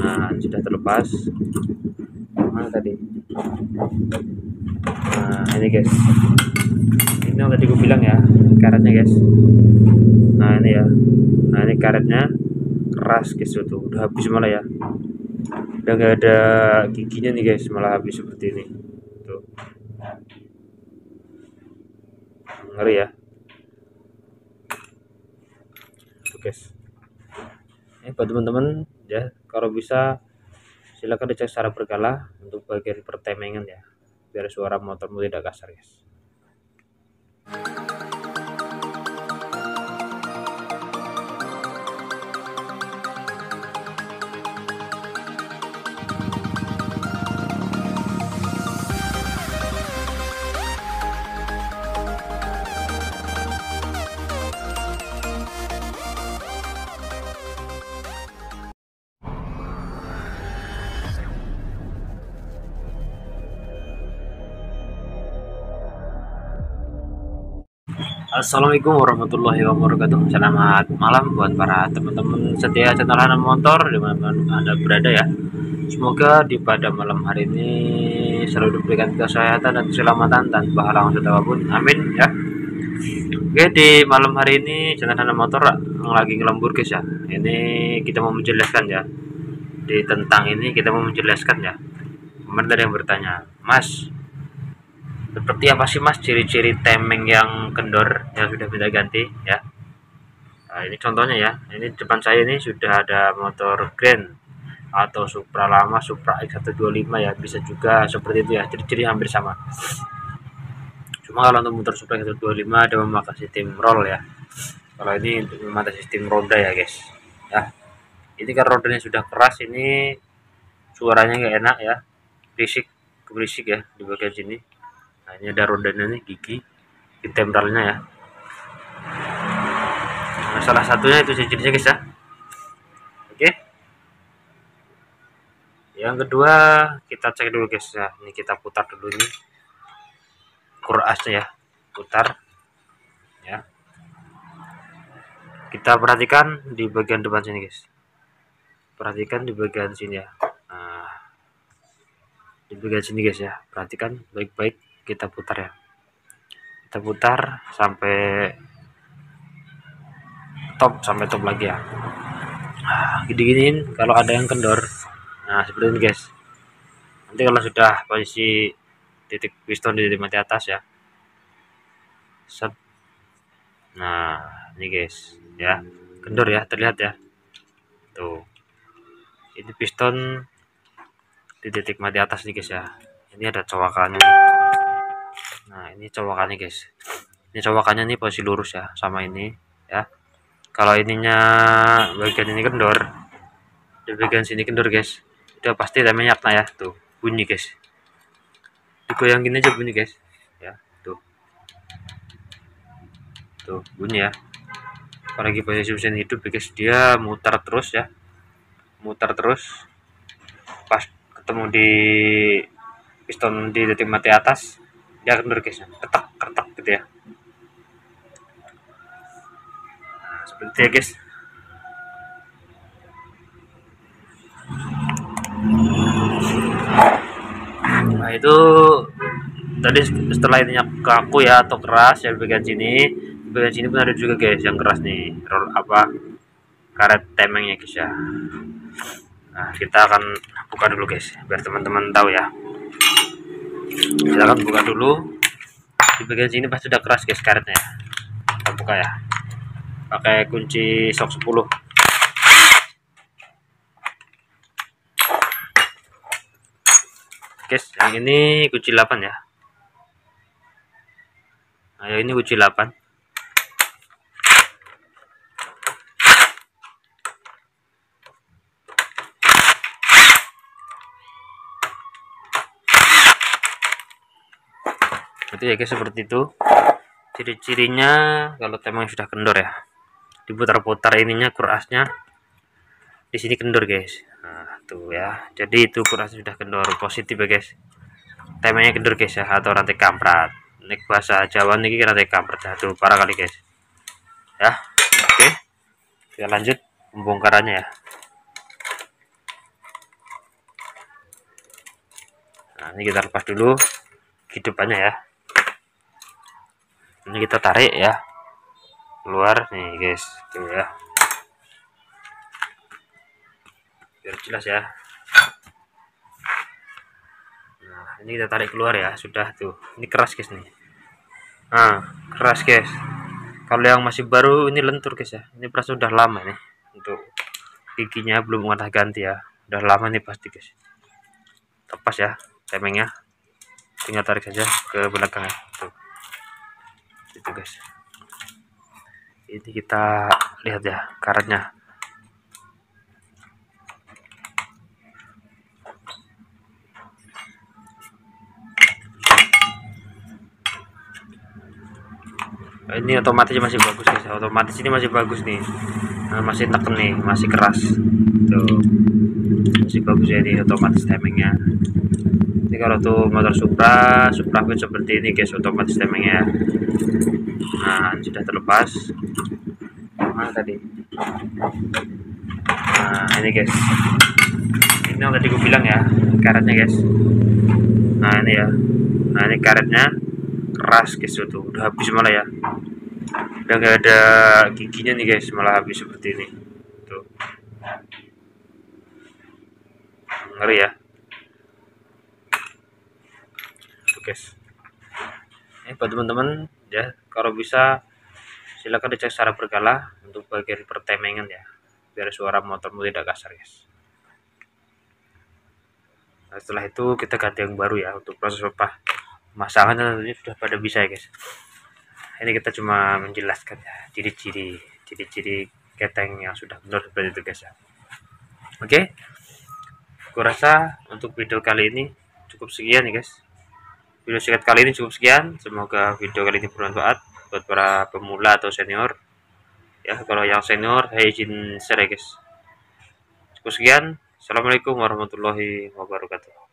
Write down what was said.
nah sudah terlepas mana tadi nah ini guys ini yang tadi gue bilang ya karetnya guys nah ini ya nah ini karetnya keras guys itu udah habis malah ya udah nggak ada giginya nih guys malah habis seperti ini tuh ngeri ya oke. okay eh buat teman-teman ya kalau bisa silakan dicek secara berkala untuk bagian pertemengan ya biar suara motormu tidak kasar guys Assalamualaikum warahmatullahi wabarakatuh Selamat malam buat para teman-teman setia channel Hana Motor dimanapun anda berada ya Semoga di pada malam hari ini selalu diberikan kesehatan dan keselamatan tanpa halangan serta apapun Amin ya Oke di malam hari ini channel Hana Motor lagi ngelembur guys ya Ini kita mau menjelaskan ya Di tentang ini kita mau menjelaskan ya Kemudian yang bertanya Mas seperti apa sih mas ciri-ciri temeng yang kendor yang sudah kita ganti ya nah, ini contohnya ya ini depan saya ini sudah ada motor Grand atau Supra lama Supra X125 ya bisa juga seperti itu ya ciri-ciri hampir sama cuma kalau untuk motor Supra X125 ada memakai sistem roll ya kalau ini untuk memakai sistem roda ya guys ya ini kan rodanya sudah keras ini suaranya nggak enak ya berisik berisik ya di bagian sini nah, ini ada rodanya nih gigi di temporalnya ya nah, salah satunya itu ciri guys ya oke yang kedua kita cek dulu guys ya ini kita putar dulu ini kurasnya ya putar ya kita perhatikan di bagian depan sini guys perhatikan di bagian sini ya nah, di bagian sini guys ya perhatikan baik-baik kita putar ya kita putar sampai top sampai top lagi ya ah, gini-giniin kalau ada yang kendor nah seperti ini guys nanti kalau sudah posisi titik piston di titik mati atas ya set nah ini guys ya kendor ya terlihat ya tuh ini piston di titik mati atas nih guys ya ini ada cowokannya nih nah ini colokannya guys ini colokannya nih posisi lurus ya sama ini ya kalau ininya bagian ini kendor di bagian sini kendor guys udah pasti remnya kena ya tuh bunyi guys yang gini aja bunyi guys ya tuh tuh bunyi ya apalagi posisi mesin hidup guys dia mutar terus ya mutar terus pas ketemu di piston di detik mati atas dia ya, akan berkesnya ketak ketak gitu ya nah, seperti itu ya guys nah itu tadi setelah ini kaku ya atau keras ya bagian sini bagian sini pun ada juga guys yang keras nih roll apa karet temengnya guys ya nah kita akan buka dulu guys biar teman-teman tahu ya silakan buka dulu di bagian sini pasti sudah keras guys karetnya ya. kita buka ya pakai kunci sok 10 guys yang ini kunci 8 ya nah, yang ini kunci 8 seperti ya guys seperti itu ciri-cirinya kalau temang sudah kendor ya diputar-putar ininya kurasnya di sini kendor guys nah, tuh ya jadi itu kurasnya sudah kendor positif ya guys temanya kendor guys ya atau rantai kamprat nek bahasa Jawa nih rantai kamprat ya tuh parah kali guys ya oke kita lanjut pembongkarannya ya nah ini kita lepas dulu hidupannya ya ini kita tarik ya keluar nih guys tuh ya biar jelas ya nah ini kita tarik keluar ya sudah tuh ini keras guys nih nah keras guys kalau yang masih baru ini lentur guys ya ini beras udah lama nih untuk giginya belum ada ganti ya udah lama nih pasti guys tepas ya temengnya tinggal tarik saja ke belakang ya. tuh itu guys ini kita lihat ya karetnya ini otomatis masih bagus guys otomatis ini masih bagus nih nah, masih tekan nih masih keras tuh masih bagus ya di otomatis timingnya jadi kalau tuh motor Supra Supra pun seperti ini guys otomatis temengnya nah sudah terlepas mana tadi nah ini guys ini yang tadi gue bilang ya karetnya guys nah ini ya nah ini karetnya keras guys itu udah habis malah ya udah gak ada giginya nih guys malah habis seperti ini tuh ngeri ya guys. Ini buat teman-teman ya kalau bisa silakan dicek secara berkala untuk bagian pertemengan ya biar suara motormu tidak kasar guys nah, setelah itu kita ganti yang baru ya untuk proses apa masalahnya tentunya sudah pada bisa ya guys ini kita cuma menjelaskan ya ciri-ciri ciri-ciri keteng yang sudah benar seperti itu guys ya oke okay? kurasa untuk video kali ini cukup sekian ya guys Video singkat kali ini cukup sekian. Semoga video kali ini bermanfaat buat para pemula atau senior. Ya, kalau yang senior, saya izin share ya, guys. Cukup sekian. Assalamualaikum warahmatullahi wabarakatuh.